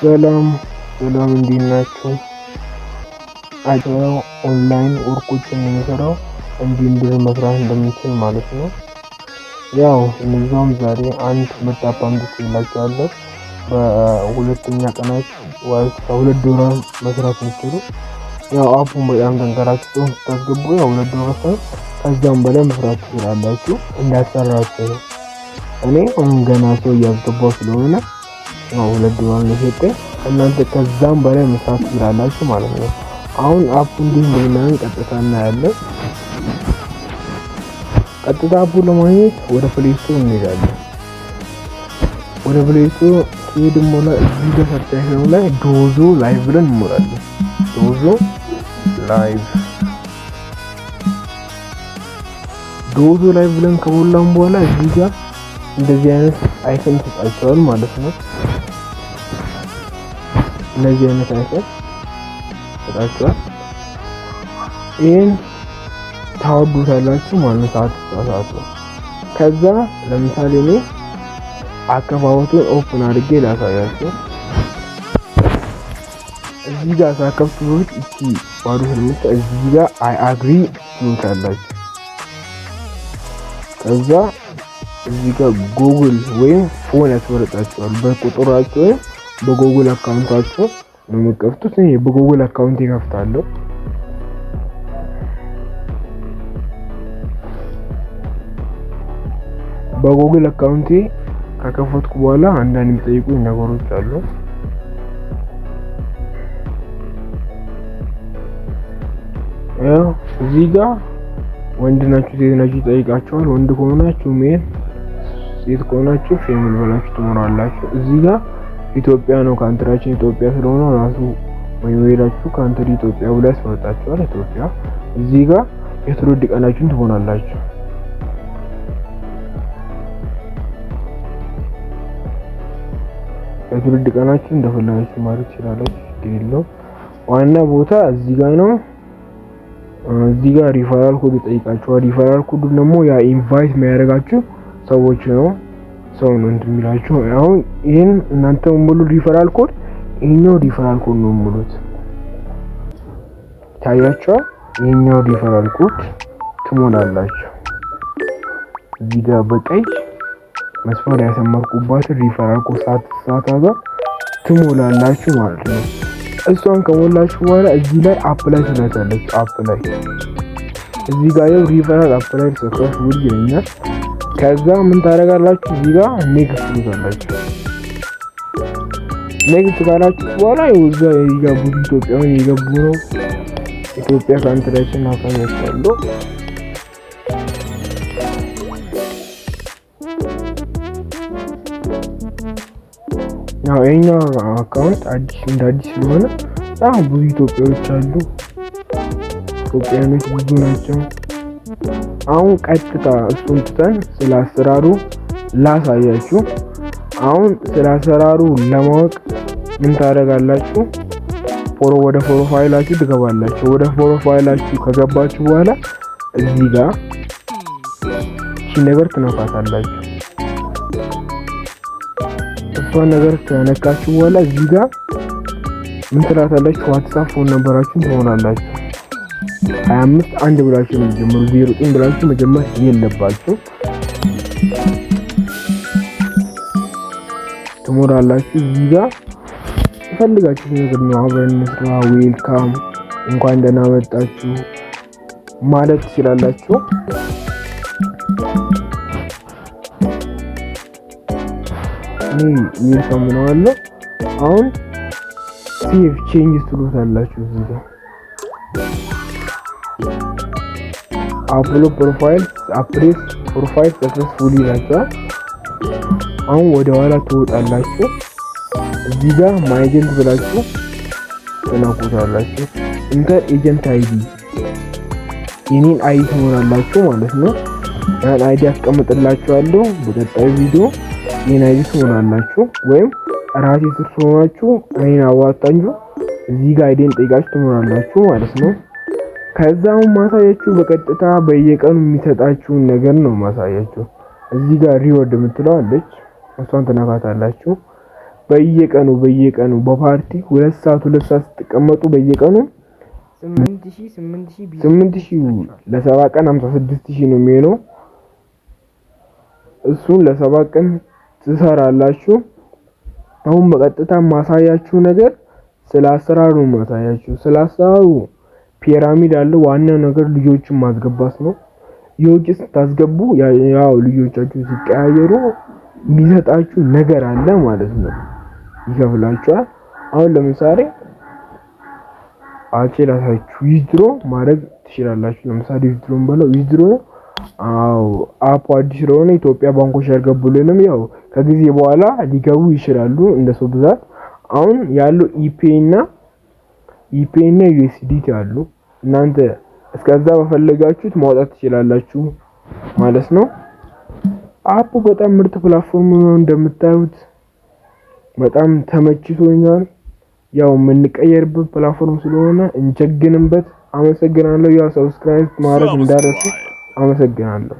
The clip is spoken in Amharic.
ሰላም ሰላም፣ እንዴት ናችሁ? አጭረው ኦንላይን ወርቆችን የምሰራው እንዲህ ብር መስራት እንደምንችል ማለት ነው። ያው እነዚያውም ዛሬ አንድ መጣጣም አምጥቼ በሁለተኛ ቀናት ወይስ ከሁለት ዶላር መስራት የምችሉ ያው አፑን በጣም ተንከራችሁ ስታስገቡ ያው ሁለት ዶላር ሳይሆን ከዚያም በላይ መስራት ትችላላችሁ። እንዳሰራችሁ እኔ አሁን ገና ሰው እያስገባው ስለሆነ ነው ሁለት ዶላር ነው እናንተ ከዛም በላይ መስራት ትችላላችሁ ማለት ነው። አሁን አፑ እንዲህ እንደምናምን ቀጥታ እናያለን። ቀጥታ አፑ ለማግኘት ወደ ፕሌይስቶ እንሄዳለን። ወደ ፕሌይስቶ ሄድን በኋላ እዚህ ጋር ሰርቻሽ ነው ላይ ዶዞ ላይቭ ብለን እንሞላለን። ዶዞ ላይቭ ዶዞ ላይቭ ብለን ከሞላን በኋላ እዚህ ጋር እንደዚህ አይነት አይተም ተጻፈዋል ማለት ነው። እነዚህ አይነት አይነት ተጣጣ ይሄን ታወዱታላችሁ ማለት ሰዓት ሰዓት ከዛ ለምሳሌ እኔ አከፋወቱን ኦፕን አድርጌ ላሳያችሁ። እዚህ ጋር ሳከፍቱ ብት እቺ ባዶ ስለምታ እዚህ ጋር አይ አግሪ ትሉታላችሁ። ከዛ እዚህ ጋር ጉግል ወይም ፎን ያስመረጣችኋል በቁጥራችሁ በጎግል አካውንታቸው ነው የምትከፍቱት። እኔ በጎግል አካውንት ይከፍታለሁ። በጎግል አካውንቴ ከከፈትኩ በኋላ አንዳንድ የሚጠይቁኝ ነገሮች አሉ። እዚህ ጋር ወንድ ናችሁ ሴት ናችሁ ይጠይቃቸዋል። ወንድ ከሆናችሁ ሜል፣ ሴት ከሆናችሁ ፌሚል ብላችሁ ትኖራላችሁ። እዚህ ጋር ኢትዮጵያ ነው ካንትራችን ኢትዮጵያ ስለሆነ ራሱ ወይ ካንትሪ ኢትዮጵያ ብላ ያስመርጣችኋል። ኢትዮጵያ እዚህ ጋር የትውልድ ቀናችሁን ትሆናላችሁ። የትውልድ ቀናችሁ እንደፈለጋችሁ ማለት ትችላላችሁ። ችግር ዋና ቦታ እዚህ ጋር ነው። እዚህ ጋር ሪፈራል ኮድ ይጠይቃችኋል። ሪፈራል ኮዱ ደግሞ ያ ኢንቫይት የሚያደርጋችሁ ሰዎች ነው። ሰው ነው እንደሚላችሁ። አሁን ይሄን እናንተ ሙሉ ሪፈራል ኮድ ይሄኛው ሪፈራል ኮድ ነው ሙሉት ታያቸው። ይሄኛው ሪፈራል ኮድ ትሞላላችሁ። እዚህ ጋር በቀይ መስፈር ያሰመርኩባትን ሪፈራል ኮድ ሳት ሳት አዛ ትሞላላችሁ ማለት ነው። እሷን ከሞላችሁ በኋላ እዚህ ላይ አፕላይ ትላታለች። አፕላይ እዚህ ጋር ያው ሪፈራል አፕላይ ሰክራሽ ውድ ይለኛል ከዛ ምን ታደርጋላችሁ? እዚህ ጋር ኔክስት ትሉታላችሁ። ኔክስት ካላችሁ በኋላ እዛ የገቡ ኢትዮጵያውያን የገቡ ነው። ኢትዮጵያ ካንትራችን አሳያችኋሉ። ያው የኛ አካውንት አዲስ እንደ አዲስ ስለሆነ በጣም ብዙ ኢትዮጵያዎች አሉ። ኢትዮጵያኖች ብዙ ናቸው። አሁን ቀጥታ እሱን ትተን ስለ አሰራሩ ላሳያችሁ። አሁን ስለ አሰራሩ ለማወቅ ምን ታደርጋላችሁ? ፎሮ ወደ ፎሮ ፋይላችሁ ትገባላችሁ። ወደ ፎሮ ፋይላችሁ ከገባችሁ በኋላ እዚህ ጋር ሺ ነገር ትነካታላችሁ። እሷን ነገር ከነካችሁ በኋላ እዚህ ጋር ምን ትላታላችሁ? ዋትሳፕ ፎን ነበራችሁ ትሆናላችሁ 25 አንድ ብላችሁ ነው ጀምሩ። 09 ብላችሁ መጀመር የለባችሁ። ትሞራላችሁ። እዚህ ጋር ፈልጋችሁ ነገር ነው። አብረን እንስራ፣ ዌልካም፣ እንኳን ደህና መጣችሁ ማለት ትችላላችሁ። እኔ ዌልካም ነው አለ። አሁን ሴቭ ቼንጅ ትሉታላችሁ እዚህ ጋር አፕሎ ፕሮፋይል አፕዴት ፕሮፋይል ሰክሰስፉሊ ይላችኋል። አሁን ወደ ኋላ ትወጣላችሁ። እዚህ ጋር ማይ ኤጀንት ብላችሁ ትነኩታላችሁ። ኢንተር ኤጀንት አይዲ የኔን አይዲ ትሞላላችሁ ማለት ነው። ያን አይዲ አስቀምጥላችኋለሁ። በቀጣይ ቪዲዮ የኔን አይዲ ትሞላላችሁ ወይም ራሴ ስር ሆናችሁ እኔን አዋጣችሁ እዚህ ጋር አይዲን ጠይቃችሁ ትሞላላችሁ ማለት ነው። ከዛም ማሳያችሁ በቀጥታ በየቀኑ የሚሰጣችሁን ነገር ነው ማሳያችሁ። እዚህ ጋር ሪወርድ የምትለው አለች፣ እሷን ትነካታላችሁ። በየቀኑ በየቀኑ በፓርቲ ሁለት ሰዓት ሁለት ሰዓት ስትቀመጡ በየቀኑ ስምንት ሺህ ለሰባ ቀን ሀምሳ ስድስት ሺህ ነው የሚሆነው። እሱን ለሰባ ቀን ትሰራላችሁ። አሁን በቀጥታ ማሳያችሁ ነገር ስለ አሰራሩ ማሳያችሁ ስለ አሰራሩ ፒራሚድ አለ። ዋናው ነገር ልጆችን ማስገባት ነው። የውጭ ስታስገቡ ያው ልጆቻችሁ ሲቀያየሩ የሚሰጣችሁ ነገር አለ ማለት ነው። ይከፍላችኋል። አሁን ለምሳሌ አቼ ራሳችሁ ዊዝድሮ ማድረግ ትችላላችሁ። ለምሳሌ ዊዝድሮን በለው ዊዝድሮ አው አፕ አዲስ ስለሆነ ኢትዮጵያ ባንኮች ያልገቡልንም ያው ከጊዜ በኋላ ሊገቡ ይችላሉ እንደ ሰው ብዛት አሁን ያለው ኢፔ እና ኢፒኤ እና ዩኤስዲቲ አሉ። እናንተ እስከዛ በፈለጋችሁት ማውጣት ትችላላችሁ ማለት ነው። አፑ በጣም ምርጥ ፕላትፎርም ነው። እንደምታዩት በጣም ተመችቶኛል። ያው የምንቀየርበት ፕላትፎርም ስለሆነ እንጀግንበት አመሰግናለሁ። ያው ሰብስክራይብ ማድረግ እንዳረሱ አመሰግናለሁ።